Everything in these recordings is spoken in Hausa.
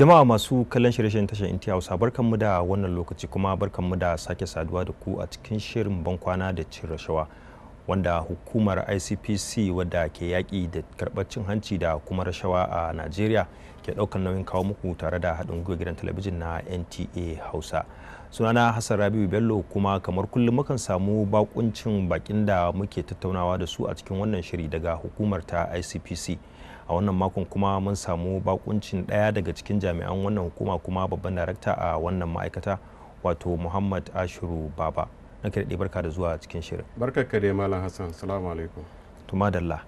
jama'a masu kallon shirye-shiryen tashar inti hausa barkanmu da wannan lokaci kuma barkanmu da sake saduwa da ku a cikin shirin bankwana da cin rashawa wanda hukumar icpc wadda ke yaƙi da karɓar cin hanci da kuma rashawa a najeriya ke ɗaukar nauyin kawo muku tare da haɗin gwiwa gidan talabijin na nta hausa sunana hassan rabiu bello kuma kamar kullum mukan samu bakuncin bakin da muke tattaunawa da su a cikin wannan shiri daga hukumar ta icpc a wannan makon kuma mun samu bakuncin daya daga cikin jami'an wannan hukuma kuma babban darakta a wannan ma'aikata wato muhammad ashiru baba na kirɗi barka da zuwa cikin shirin barka ka dai malam hassan salamu alaikum la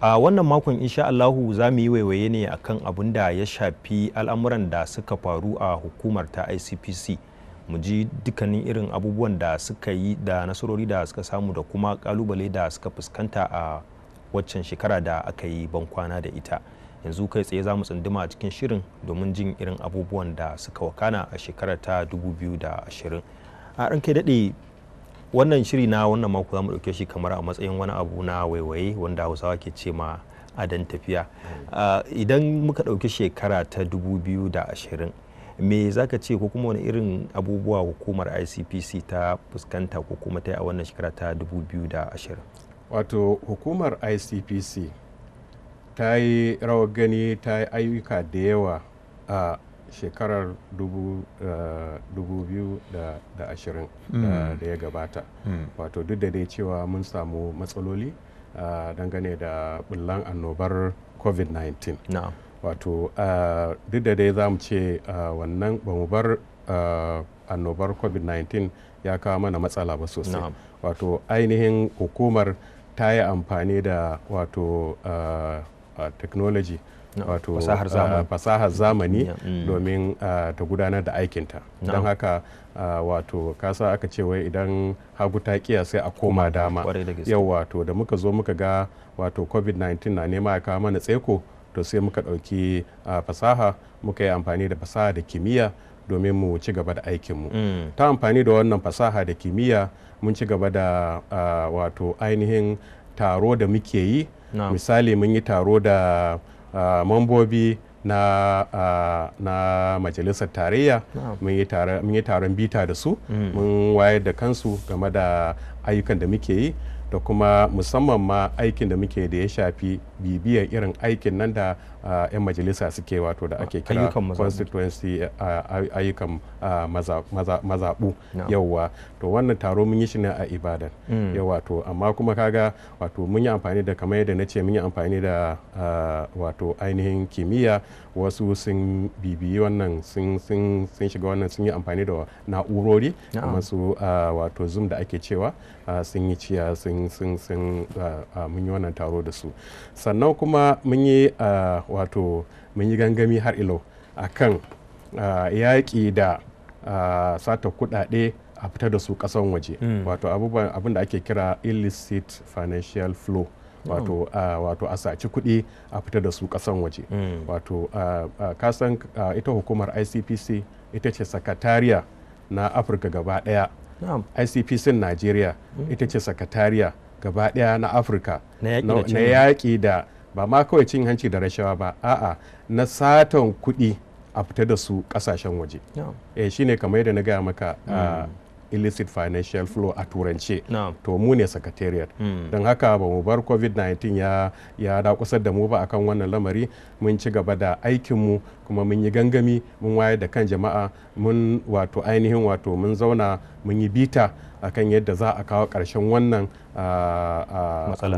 a wannan makon insha allahu za mu yi waiwaye ne akan abin da ya shafi al'amuran da suka faru a hukumar ta icpc mu ji dukkanin irin abubuwan da suka yi da nasarori da suka samu da kuma kalubale da suka fuskanta a waccan shekara da aka yi bankwana da ita yanzu kai tsaye za mu tsunduma a cikin shirin domin jin irin abubuwan da suka wakana a shekarar ta 2020 a ran kai daɗe wannan shiri na wannan mako za mu ɗauke shi kamar a matsayin wani abu na waiwaye wanda hausawa ke ce ma adan tafiya idan muka ɗauki shekara ta 2020 me za ka ce ko kuma wani irin abubuwa hukumar icpc ta fuskanta ko kuma ta yi a wannan shekara ta 2020 wato hukumar icpc ta yi rawar gani ta yi ayyuka da yawa a shekarar 2020 eh, eh, hmm. da ya gabata hmm. wato duk da dai cewa mun samu matsaloli eh, dangane da bullan annobar covid-19 wato duk da dai za mu ce wannan bar annobar covid-19 ya kawo mana matsala ba sosai wato ainihin hukumar ta yi amfani da wato uh, uh, technology wato fasahar uh, zamani mm. domin ta gudanar da aikinta don haka wato kasa aka ce wai idan hagu ta kiya sai a koma dama yau wato da muka zo muka ga wato covid-19 na nema ya kawo mana tseko to sai muka ɗauki fasaha muka yi amfani da fasaha da kimiyya domin mu ci gaba da aikinmu mm. ta amfani da wannan fasaha da kimiyya mun ci gaba da wato ainihin taro da muke yi misali mun yi taro da mambobi na, na majalisar tarayya mun yi taron bita da su mm. mun wayar da kansu game da ayyukan da muke yi da kuma musamman ma aikin da muke da ya shafi bibiyar irin aikin nan da 'yan majalisa suke wato da ake kira constituency ayyukan mazaɓu yauwa to wannan taro mun yi shi ne a ibadan mm. yauwa to amma kuma kaga wato mun yi amfani da kamar yadda na ce mun yi amfani da wato ainihin kimiyya wasu sun bibiyi wannan sun shiga wannan sun yi amfani da na'urori kamar su wato zoom da ake cewa sun yi ciya sun mun yi wannan taro da su sannan kuma mun yi wato mun yi gangami har ilo a kan yaƙi da sata kuɗaɗe a fita da su ƙasan waje hmm. wato abin da ake kira illicit financial flow hmm. wato wato a saci kuɗi a fita da su ƙasan waje hmm. wato kasan ita hukumar icpc ita ce sakatariya na afirka gaba ɗaya icpc najeriya ita ce sakatariya gaba ɗaya na afirka na yaƙi da ba ma kawai cin hanci da rashawa ba a'a na satan kuɗi a fita da su kasashen waje eh shine kamar yadda na gaya maka mm. ah, illicit financial flow a turance to mu ne secretariat mm. don haka ba mu bar covid-19 ya ya dakusar da mu ba akan wannan lamari mun ci gaba da aikinmu kuma mun yi gangami mun wayar da kan jama'a mun wato ainihin wato mun zauna mun yi bita akan yadda za a kawo ƙarshen wannan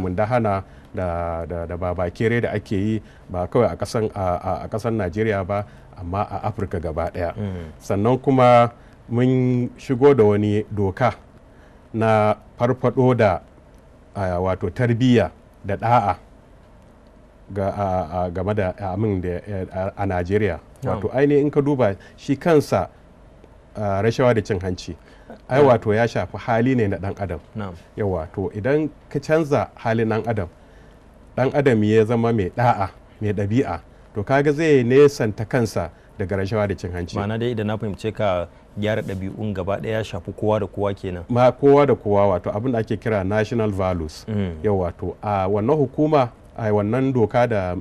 mundahana da babakere da ake yi ba kawai a ƙasan najeriya ba amma a afirka gaba ɗaya mm. sannan kuma mun shigo da wani doka na farfaɗo da wato tarbiyya da ɗa'a game da amin a najeriya wato ainihin in ka duba shi kansa rashawa da cin hanci ai wato ya shafi hali ne na dan adam yawa to idan ka canza halin dan adam dan adam ya zama mai da'a mai ɗabi'a to kaga zai nesanta kansa daga rashawa da cin hanci ma'ana dai idan na fahimce ka gyara ɗabi'un gaba ɗaya ya shafi kowa da kowa kenan ma kowa da kowa wato abin da ake kira national values mm. yau wato a wannan hukuma a wannan doka da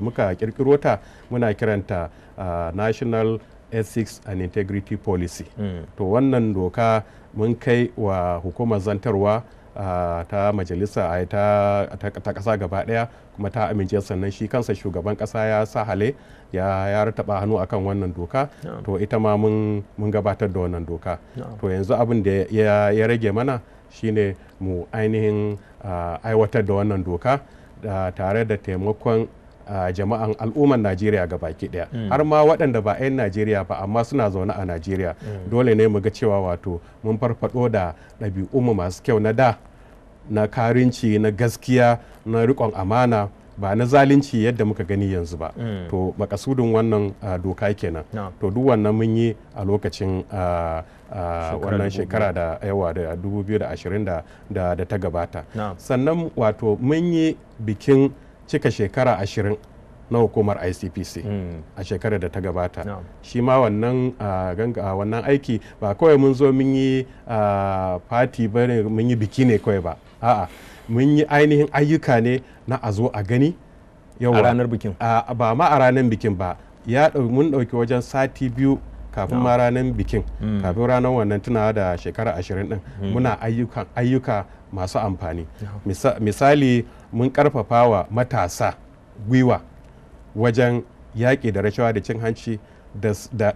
muka kirkiro ta muna kiranta uh, national ethics and integrity policy mm. to wannan doka mun kai wa hukumar zantarwa Uh, ta majalisa a ta, kasa gaba daya kuma ta amince sannan shi kansa shugaban kasa ya sahale ya ya rataba hannu akan wannan doka to ita ma mun gabatar da wannan doka to yanzu abin da ya, rage mana shine mu ainihin uh, aiwatar da wannan doka uh, tare da taimakon jama'an al'umman najeriya ga baki daya mm. har ma waɗanda ba 'yan najeriya ba amma suna zaune a najeriya mm. dole ne mu ga cewa wato mun farfaɗo da ɗabi'unmu masu kyau na da na karinci na gaskiya na riƙon amana ba na zalunci yadda muka gani yanzu ba mm. to makasudin wannan doka kenan to duk wannan mun yi a lokacin wannan shekara da yawa da 2020 da ta gabata sannan wato mun yi bikin cika shekara ashirin na hukumar icpc hmm. a shekarar da ta gabata shi ma wannan aiki ba kawai mun zo mun yi fati ba ne mun yi biki ne kawai ba a'a mun yi ainihin ayyuka ne na a zo a gani a ranar bikin ba ma a ranar bikin ba ya mun ɗauki wajen sati biyu kafin ma ranar bikin hmm. kafin ranar wannan tuna da shekara ashirin din hmm. muna ayyuka, masu amfani misali mun karfafa wa matasa gwiwa wajen yaƙi da rashawa da cin hanci da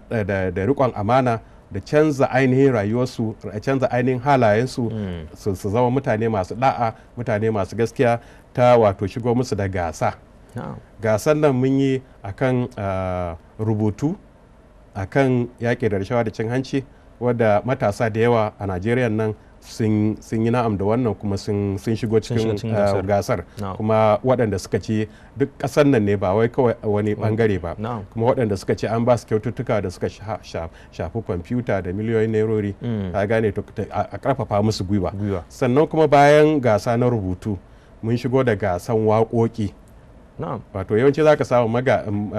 riƙon amana da canza ainihin rayuwarsu a canza ainihin halayensu hmm. su zama mutane masu da'a mutane masu gaskiya ta wato shigo musu da gasa gasan nan mun yi akan rubutu akan yaƙi da rashawa da cin hanci wadda matasa da yawa a najeriya nan sun yi na'am da wannan kuma sun shigo cikin eh, gasar kuma waɗanda suka ci duk ƙasar nan ne ba wai kawai wani bangare mm. ba kuma waɗanda suka ce an ba su kyaututtuka da suka shafi kwamfuta da miliyoyin nairori mm. Ta gane a ƙarfafa musu gwiwa sannan kuma bayan gasa na rubutu mun shigo da gasan waƙoƙi wato yawanci za ka samu maga um,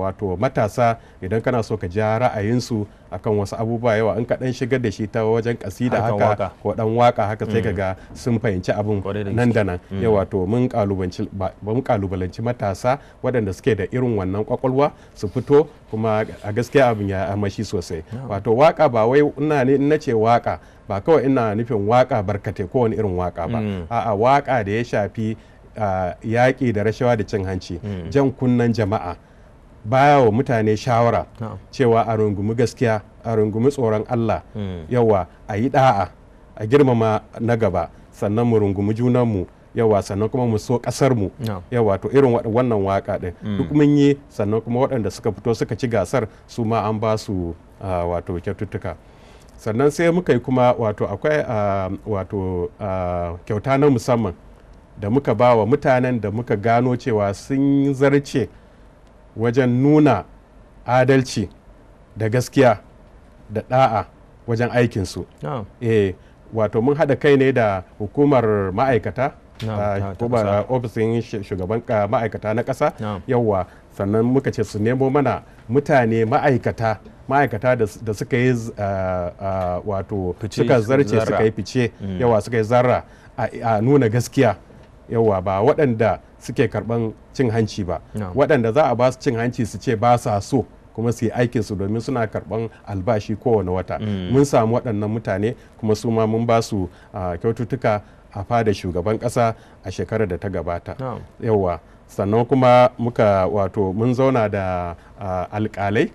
wato matasa idan kana so ka ja ra'ayinsu akan wasu abubuwa yawa in ka dan shigar da shi ta wajen kasida haka ko dan waka haka sai ka mm. ga sun fahimci abun nan da nan mm. ya wato mun kalubalanci matasa waɗanda suke da irin wannan kwakwalwa su fito kuma a gaskiya abin ya amashi sosai wato waka ba wai ina ne na ce waka ba kawai ina nufin waka barkate kowane irin waka ba mm. a'a waka da ya shafi yaƙi da rashawa da cin hanci hmm. jan kunnan jama'a baya wa mutane shawara cewa a rungumi gaskiya a rungumi tsoron Allah hmm. yawa a yi da'a a girmama na gaba sannan mu rungumi junanmu yawa sannan kuma mu so kasar mu yawa to irin wannan waka din hmm. duk mun yi sannan kuma waɗanda suka fito suka ci gasar su ma an ba su wato kyaututtuka sannan sai muka yi kuma wato akwai wato kyauta na musamman da muka ba wa mutanen da muka gano cewa sun zarce wajen nuna adalci da gaskiya da ɗa'a wajen aikinsu no. Ah. e, eh, wato mun haɗa kai ne da hukumar ma'aikata hukumar ah, ofisin shugaban ah, ma'aikata na ƙasa yawwa sannan muka ce su nemo mana mutane ma'aikata ma'aikata da suka yi wato suka zarce suka yi fice mm. yawa suka yi zarra a nuna gaskiya yawa ba waɗanda suke karɓan cin hanci ba waɗanda za a ba su cin hanci su ce ba sa so kuma su yi aikin su domin suna karɓan albashi kowane wata mm. mun samu waɗannan mutane kuma su ma mun ba su kyaututtuka a fada shugaban ƙasa a shekarar da ta gabata yawa sannan kuma muka wato mun zauna da alƙalai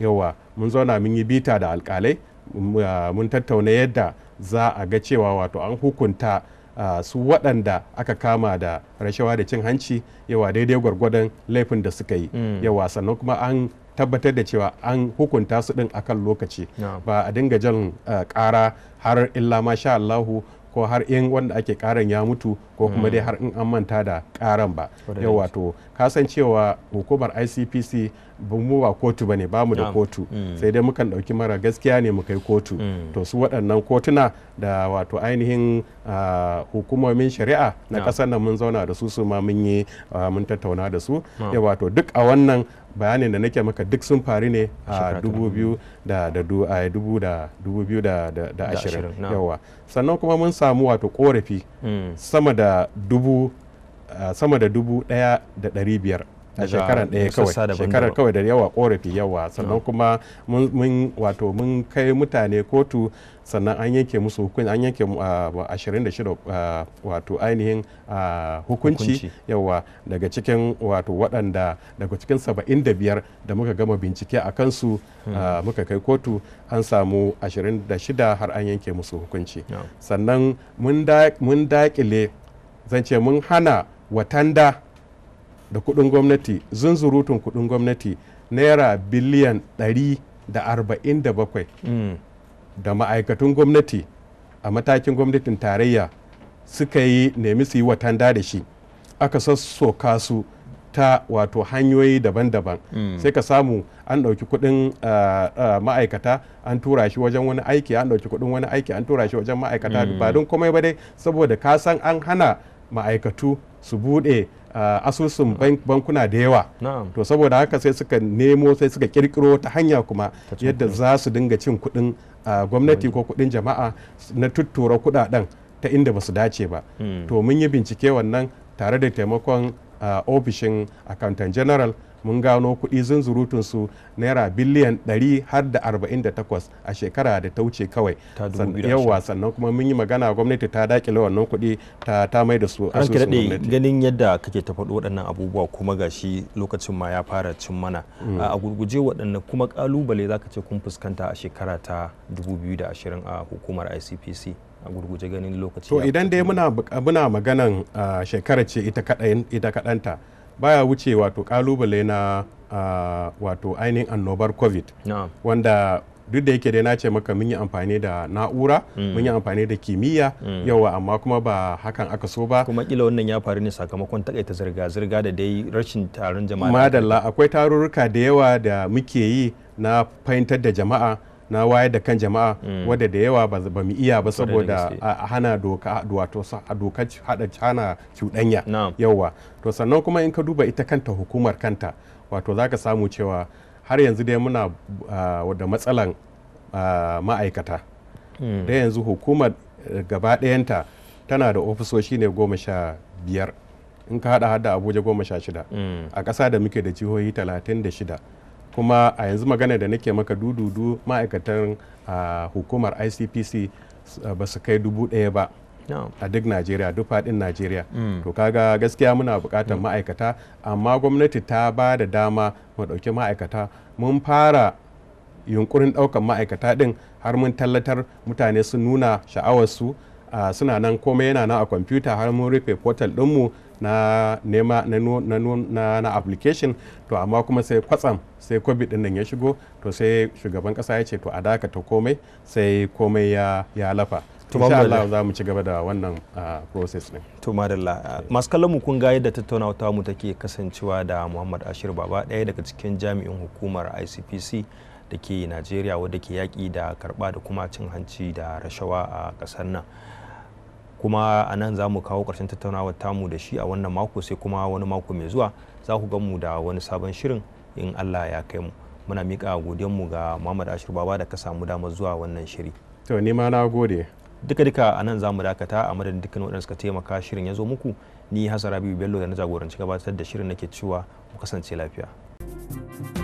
yawa mun zauna mun yi bita da alƙalai mun tattauna yadda za a ga cewa wato an hukunta su waɗanda aka kama da rashawa da cin hanci yawa daidai gwargwadon laifin da suka yi mm. yawa sannan kuma an tabbatar da cewa an hukunta su ɗin akan lokaci ba a dinga jan ƙara har illa ma sha Allahu ko har in wanda ake ƙaran ya mutu ko kuma mm. dai har in an manta da ƙaran ba yau wato kasancewa hukumar icpc ba mu ba kotu bane ba mu da kotu mm. sai dai mukan dauki mara gaskiya ne mu kai kotu mm. to su waɗannan kotuna da wato ainihin ah, hukumomin shari'a na ƙasar nan mun zauna da su su ma mun yi ah, mun tattauna da su ya wato duk a wannan bayanin da nake maka duk sun faru ne a 2020 yawa sannan kuma mun samu wato korafi mm. sama da dubu ah, sama da dubu ɗaya da ɗari biyar a shekarar ɗaya kawai shekarar kawai da yawa korafi yawa sannan kuma mun wato mun kai mutane kotu sannan an yanke musu hukunci an yanke 26 ah, ah, wato ainihin ah, hukunci yawa daga cikin wato waɗanda daga cikin 75 da muka gama bincike a kansu hmm. muka kai kotu an samu 26 har an yanke musu hukunci sannan mun daƙile zan ce mun hana watanda da kudin gwamnati zunzurutun kudin gwamnati naira biliyan 147 arba'in mm. da ma'aikatun gwamnati a matakin gwamnatin tarayya suka yi nemi su yi tanda da shi aka sassoka su ta wato hanyoyi daban-daban mm. sai ka samu an ɗauki kuɗin ma'aikata an tura shi wajen wani aiki an ɗauki kuɗin wani aiki an tura shi wajen ma'aikata mm. ba don komai ba dai saboda ka san an hana ma'aikatu su buɗe Uh, asusun bankuna da yawa to saboda haka sai suka nemo sai suka kirkiro ta hanya kuma yadda za su dinga cin kuɗin uh, gwamnati ko kuɗin jama'a na tuttura kuɗaɗen ta inda ba su dace ba hmm. to mun yi bincike wannan tare da taimakon uh, ofishin accountant general mun gano kuɗi su naira biliyan ɗari har da a shekara da ta wuce kawai yawa sannan kuma mun yi magana gwamnati ta dakile wannan kuɗi ta ta mai da su asusun gwamnati ganin yadda kake ta faɗo waɗannan abubuwa kuma gashi lokacin ma ya fara cin mana mm. a gurguje waɗannan kuma kalubale zaka ce kun fuskanta a shekara ta 2020 a hukumar ICPC a gurguje ganin lokaci to idan dai muna muna maganan shekara ce ita kaɗanta baya wuce wato kalubale na uh, wato ainihin annobar covid no. wanda duk da yake dai na ce maka mun yi amfani da na'ura mm. mun yi amfani da kimiyya mm. yawa amma kuma ba hakan aka so ba kuma kila wannan ya faru ne sakamakon takaita zirga-zirga da dai rashin taron jama'a madalla akwai tarurruka da yawa da muke yi na fahimtar da jama'a na wayar da kan jama'a mm. wadda da yawa ba mu iya ba saboda a hana doka wato a doka hada hana cuɗanya yawa to sannan kuma in ka duba ita kanta hukumar kanta wato zaka samu cewa har yanzu dai muna da matsalan ma'aikata mm. da yanzu hukumar eh, gaba ɗayanta tana da ofisoshi ne goma sha biyar in ka hada hada abuja goma sha shida mm. a ƙasa da muke da jihohi talatin da shida kuma a yanzu magana da nake maka dududu ma'aikatan hukumar icpc ba su kai dubu ɗaya ba a duk najeriya duk faɗin najeriya mm. to kaga gaskiya muna buƙatar mm. ma'aikata amma gwamnati ta ba da dama mu ɗauki ma'aikata mun fara yunkurin ɗaukar ma'aikata ɗin har mun tallatar mutane sun nuna sha'awarsu suna nan komai yana nan a kwamfuta har mun rufe portal ɗinmu na nema na, na, na application to amma kuma sai kwatsam sai covid din nan ya shigo to sai shugaban kasa ya ce to a dakata komai sai komai ya, ya lafa insha Allah za mu ci gaba da wannan process din to madalla masu kallon mu kun ga yadda tattaunawa ta mu take kasancewa da Muhammad Ashir Baba ɗaya daga cikin jami'in hukumar ICPC da ke Najeriya wadda ke yaƙi da karɓa da kuma cin hanci da rashawa a ƙasar nan kuma a nan za mu kawo ƙarshen tattaunawar mu da shi a wannan mako sai kuma wani mako mai zuwa za ku mu da wani sabon shirin in allah ya kai mu muna miƙa mu ga muhammad ashir baba da ka samu damar zuwa wannan shiri to ni ma na gode duka duka a nan za mu dakata a madadin dukkan waɗanda suka taimaka shirin ya zo muku ni hasara biyu bello da na jagoranci gabatar da shirin nake cewa mu kasance lafiya thank you